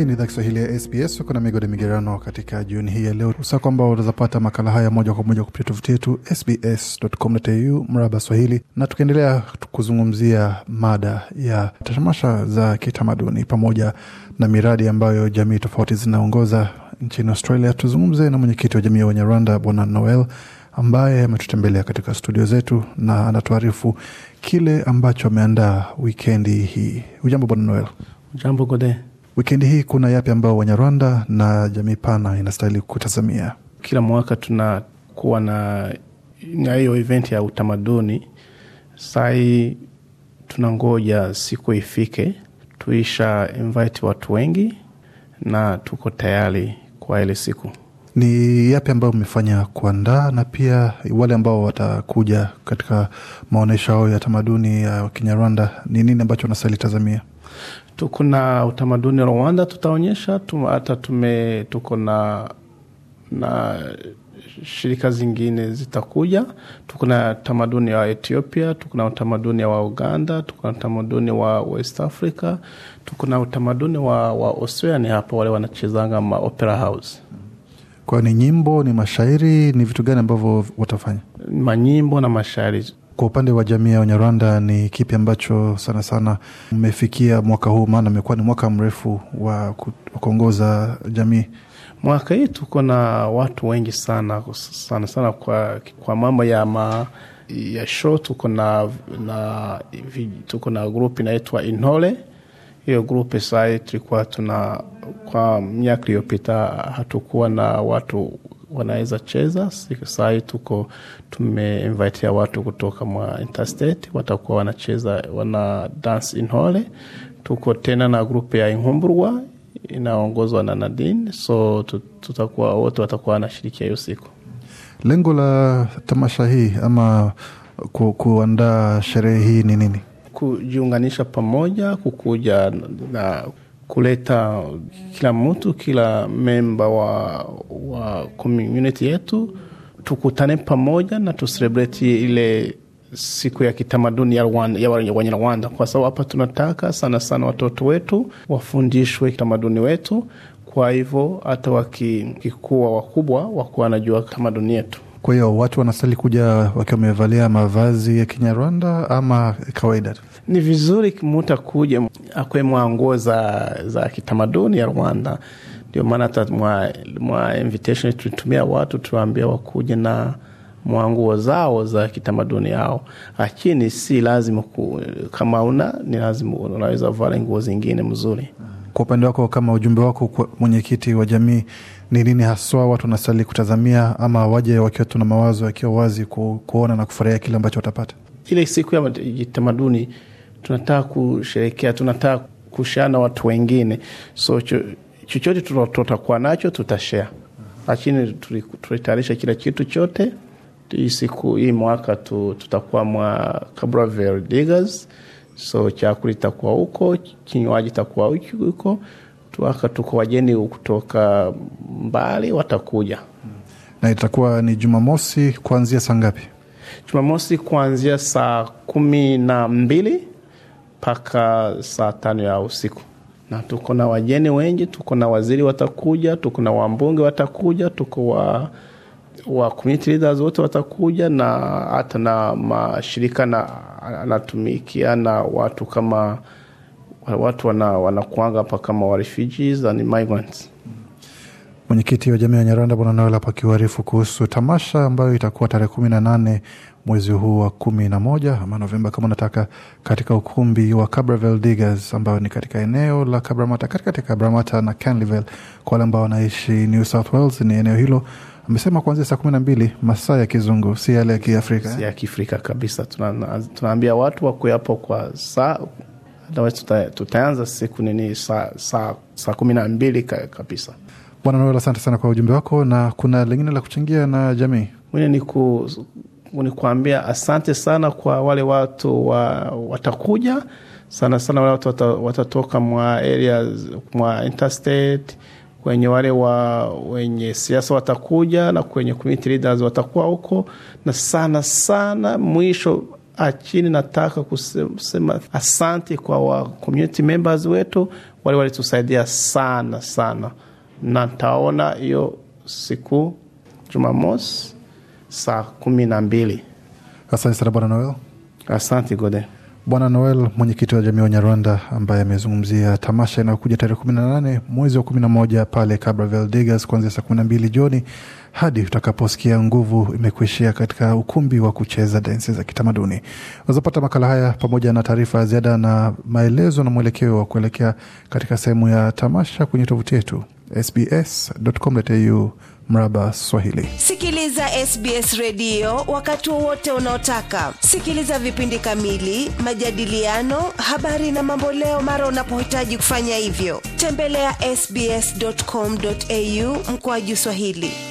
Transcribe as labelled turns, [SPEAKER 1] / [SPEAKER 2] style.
[SPEAKER 1] Hii ni idhaa Kiswahili ya SBS. Uko na migode migerano katika jioni hii ya leo. Usa kwamba utazapata makala haya moja kwa moja kupitia tovuti yetu sbscu mraba Swahili, na tukiendelea kuzungumzia mada ya tamasha za kitamaduni pamoja na miradi ambayo jamii tofauti zinaongoza nchini Australia. Tuzungumze na mwenyekiti wa jamii ya rwanda Bwana Noel ambaye ametutembelea katika studio zetu na anatuarifu kile ambacho ameandaa wikendi hii. Ujambo Bwana Noel. Ujambo Gode. Wikendi hii kuna yapi ambao Wanyarwanda na jamii pana inastahili kutazamia?
[SPEAKER 2] Kila mwaka tunakuwa na hiyo event ya utamaduni. Sai tunangoja siku ifike, tuisha invite watu wengi na tuko tayari kwa ile siku
[SPEAKER 1] ni yapi ambayo mmefanya kuandaa na pia wale ambao watakuja katika maonyesho hayo ya tamaduni ya kenya rwanda ni nini ambacho wanastahili tazamia?
[SPEAKER 2] Tuko na utamaduni Rwanda tutaonyesha hata tume tuko na na shirika zingine zitakuja. Tuko na tamaduni wa Ethiopia, tuko na utamaduni wa Uganda, tuko na utamaduni wa West Africa, tuko na utamaduni wa, wa Australia. Ni hapo wale wanachezanga ma opera house
[SPEAKER 1] kwa ni nyimbo, ni mashairi, ni vitu gani ambavyo watafanya?
[SPEAKER 2] Manyimbo na mashairi.
[SPEAKER 1] Kwa upande wa jamii ya Wanyarwanda ni kipi ambacho sana sana mmefikia mwaka huu? Maana imekuwa ni mwaka mrefu wa
[SPEAKER 2] kuongoza jamii. Mwaka hii tuko na watu wengi sana sana sana, kwa, kwa mambo ya ma, ya sho tuko na, na, tuko na grupu inaitwa inole Hiyo grupu sai tulikuwa tuna kwa miaka iliyopita hatukuwa na watu wanaweza cheza. Saa tuko tumeinvitia watu kutoka mwa interstate, watakuwa wanacheza wana dance in hole. Tuko tena na grupu ya Inkumburwa inaongozwa na Nadin, so tutakuwa wote watakuwa wanashirikia hiyo siku. Lengo
[SPEAKER 1] la tamasha hii ama ku, kuandaa sherehe hii ni nini?
[SPEAKER 2] Kujiunganisha pamoja, kukuja na kuleta kila mtu, kila memba wa, wa community yetu tukutane pamoja na tuselebreti ile siku ya kitamaduni ya Wanyarwanda, kwa sababu hapa tunataka sana sana watoto wetu wafundishwe kitamaduni wetu. Kwa hivyo hata wakikuwa wakubwa wakuwa wanajua tamaduni yetu.
[SPEAKER 1] Kwa hiyo watu wanastahili kuja wakiwa wamevalia mavazi ya Kinyarwanda ama kawaida tu?
[SPEAKER 2] ni vizuri mtu akuja akwemwa nguo za, za kitamaduni ya Rwanda. Ndio maana hata mwa, mwa invitation tulitumia watu tuwaambia wakuje na mwanguo zao za kitamaduni yao, lakini si lazima ku, kama una ni lazima unaweza vale nguo zingine mzuri.
[SPEAKER 1] Kwa upande wako, kama ujumbe wako mwenyekiti wa jamii ni nini haswa watu wanastahili kutazamia, ama waje wakiwa tuna mawazo yakiwa wazi ku, kuona na kufurahia kile ambacho watapata
[SPEAKER 2] ile siku ya kitamaduni? tunataka kusherekea, tunataka kushana watu wengine, so chochote tutakuwa nacho tutashea lakini tulitayarisha kila kitu chote. siku hii mwaka tu, tutakuwa mwa Cabravale Diggers, so chakula itakuwa huko, kinywaji itakuwa huko, tuaka tuko wageni kutoka mbali watakuja. Na itakuwa ni Jumamosi kuanzia saa ngapi? Jumamosi kuanzia saa kumi na mbili mpaka saa tano ya usiku na tuko na wajeni wengi tuko na waziri watakuja tuko na wambunge watakuja tuko wa, wa community leaders wote watakuja na hata na mashirika na anatumikia na watu kama watu wana, wanakuanga hapa kama wa refugees and migrants mm
[SPEAKER 1] Mwenyekiti wa jamii ya Nyaranda Bwana Noel hapa pakiwarifu kuhusu tamasha ambayo itakuwa tarehe kumi na nane mwezi huu wa kumi na moja ama Novemba kama unataka, katika ukumbi wa Cabravel Diggers ambayo ni katika eneo la Cabramata, katikati ya Cabramata na Canlivel. Kwa wale ambao wanaishi New South Wales ni eneo hilo amesema kuanzia saa kumi na mbili masaa ya kizungu, si yale ya Kiafrika,
[SPEAKER 2] eh? si ya Kiafrika kabisa. tunaambia watu wakuwe hapo kwa saa tutaanza siku nini saa kumi na mbili kabisa.
[SPEAKER 1] Bwana Noel, asante sana kwa ujumbe wako, na kuna lingine la kuchangia na jamii
[SPEAKER 2] mwingine ni ku asante sana kwa wale watu wa, watakuja sana sana wale watu wata, watatoka mwa areas mwa interstate kwenye wale wa wenye siasa watakuja na kwenye community leaders watakuwa huko, na sana sana mwisho achini, nataka kusema asante kwa wa community members wetu wale walitusaidia sana sana na ntaona hiyo siku Jumamosi saa kumi na mbili. Asante sana Bwana Noel. Asante Gode. Bwana
[SPEAKER 1] Noel, mwenyekiti wa jamii wa Nyarwanda, ambaye amezungumzia tamasha inayokuja tarehe kumi na nane mwezi wa kumi na moja pale Libreville Diggers kuanzia saa kumi na mbili jioni hadi utakaposikia nguvu imekuishia katika ukumbi wa kucheza densi za kitamaduni. Unazopata makala haya pamoja na taarifa ya ziada na maelezo na mwelekeo wa kuelekea katika sehemu ya tamasha kwenye tovuti yetu sbs.com.au mraba swahili
[SPEAKER 2] sikiliza sbs redio wakati wowote unaotaka sikiliza vipindi kamili majadiliano habari na mamboleo mara unapohitaji kufanya hivyo tembelea ya sbscomau mkoaju swahili